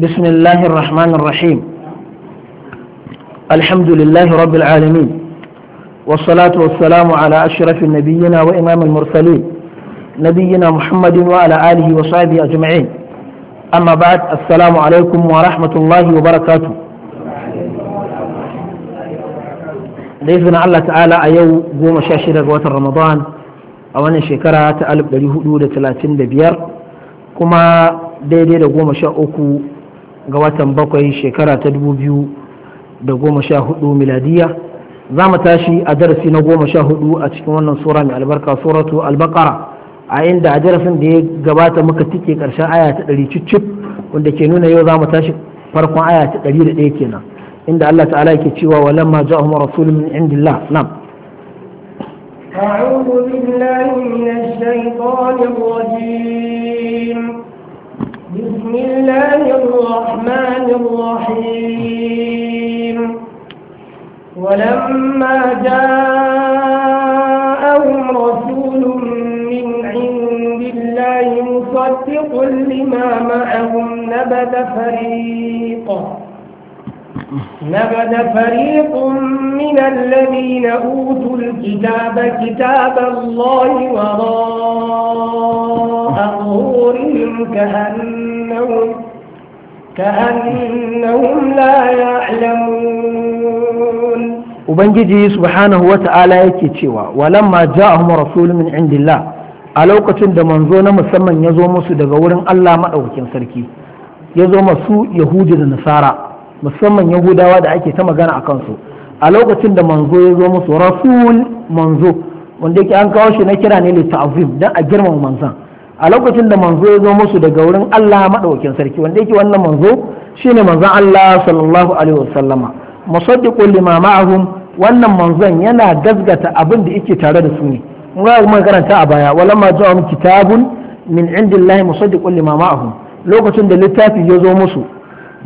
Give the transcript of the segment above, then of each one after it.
بسم الله الرحمن الرحيم الحمد لله رب العالمين والصلاة والسلام على أشرف النبيين وإمام المرسلين نبينا محمد وعلى آله وصحبه أجمعين أما بعد السلام عليكم ورحمة الله وبركاته لإذن الله تعالى أيو قوم شاشرة قوات رمضان a wannan shekara ta 1435 kuma daidai da goma sha uku ga watan bakwai shekara ta dubu biyu da goma sha hudu miladiya za mu tashi a darasi na goma sha hudu a cikin wannan sura mai albarka suratu albakara a inda a darasin da ya gabata muka tike karshen aya ta ɗari cicip wanda ke nuna yau za mu tashi farkon aya ta ɗari da ɗaya kenan inda Allah ta'ala ke cewa walamma ja'ahum rasulun min indillah na'am أعوذ بالله من الشيطان الرجيم ولما جاءهم رسول من عند الله مصدق لما معهم نبذ فريق نبذ فريق من الذين أوتوا الكتاب كتاب الله وراء ظهورهم كأنهم, كأنهم لا يعلمون ubangiji subhanahu wa ta'ala yake cewa walamma ja'ahum rasulun min indillah a lokacin da manzo na musamman ya zo musu daga wurin Allah maɗaukakin sarki ya zo masu yahudi da nasara musamman yahudawa da ake ta magana a kansu a lokacin da manzo ya zo musu rasul manzo wanda yake an kawo shi na kira ne litta'azim dan a girmama manzon a lokacin da manzo ya zo musu daga wurin Allah maɗaukakin sarki wanda yake wannan manzo shine manzon Allah sallallahu alaihi wasallama musaddiqul lima ma'ahum wannan manzon yana gazgata abin da yake tare da su ne mun ga karanta a baya ma ja'um kitabun min indillahi musaddiqun lima ma'ahum lokacin da littafi ya zo musu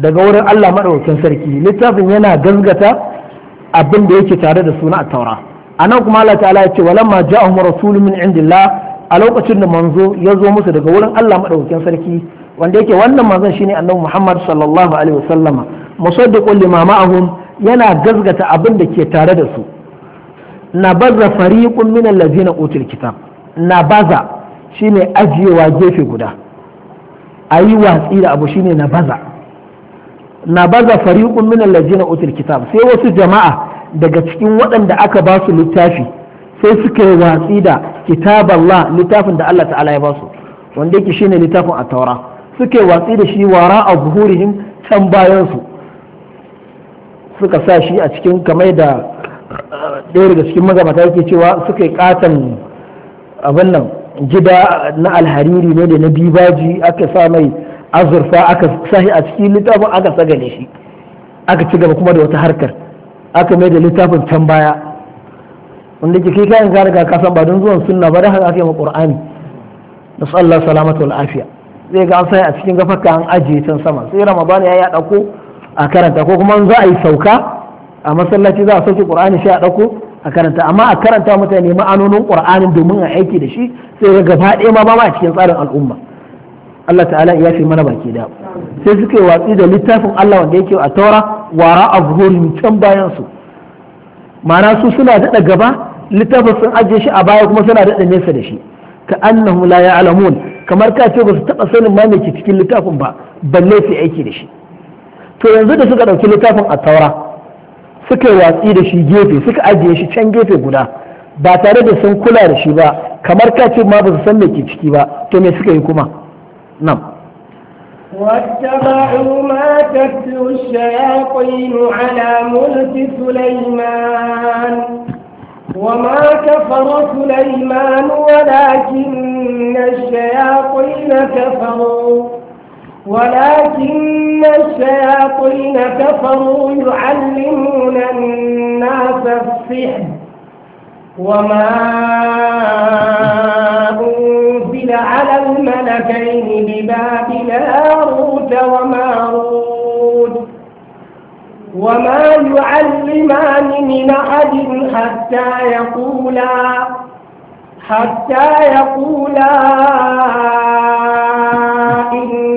daga wurin Allah madaukakin sarki littafin yana gazgata abin da yake tare da suna a taura anan kuma Allah ta'ala ya ce ma ja'ahum rasulun min indillah a lokacin da manzo ya zo musu daga wurin Allah madaukakin sarki wanda yake wannan manzon shine annabi Muhammad sallallahu alaihi wasallama musaddiqun lima ma'ahum yana gazgata abin da ke tare da su na baza fariƙun minan lazina utul kitab na baza shine ajiyewa gefe guda a yi watsi da abu shine na baza na baza fariƙun minan lazina utul kitab sai wasu jama'a daga cikin waɗanda aka ba su littafi sai suka yi watsi da kitaballah littafin da Allah ta'ala ya ba su wanda yake ne littafin a taura suka yi watsi da shi wara a zuhurihim can bayan su suka sa shi a cikin kamar da eh, ɗaya daga cikin magabata yake cewa suka yi katon abin nan gida na alhariri ne da na bibaji aka sa mai azurfa aka sahi a cikin littafin aka sagale shi aka ci gaba kuma da wata harkar aka mai da littafin can baya wanda ke kai kayan ka ga ba don zuwan sunna ba da haka aka yi na nasallallahu salamatu al'afiya afiya zai ga an sai a cikin gafaka an ajiye can sama sai ramadan ya yi a ɗauko. a karanta ko kuma za a yi sauka a masallaci za a sauke qur'ani sai a dauko a karanta amma a karanta mutane ma'anonin qur'anin domin a aiki da shi sai ga gaba ɗaya ma ba ma cikin tsarin al'umma Allah ta'ala ya fi mana baki da sai suka yi watsi da littafin Allah wanda yake a taura wara a zuhurin can bayan su ma'ana su suna daɗa gaba littafin sun ajiye shi a baya kuma suna daɗa nesa da shi ka annahum la ya'lamun kamar ka ce ba su taɓa sanin ma me ke cikin littafin ba balle su aiki da shi to yanzu da suka ɗauki littafin a taura suka yi watsi da shi gefe suka ajiye shi can gefe guda ba tare da sun kula da shi ba kamar ka ce ma ba su san me ke ciki ba to me suka yi kuma nan واتبعوا ما تتلو الشياطين على ملك سليمان وما كفر سليمان ولكن الشياطين كفروا ولكن الشياطين كفروا يعلمون الناس السحر وما أنزل على الملكين ببابل هاروت وماروت وما يعلمان من أحد حتى يقولا حتى يقولا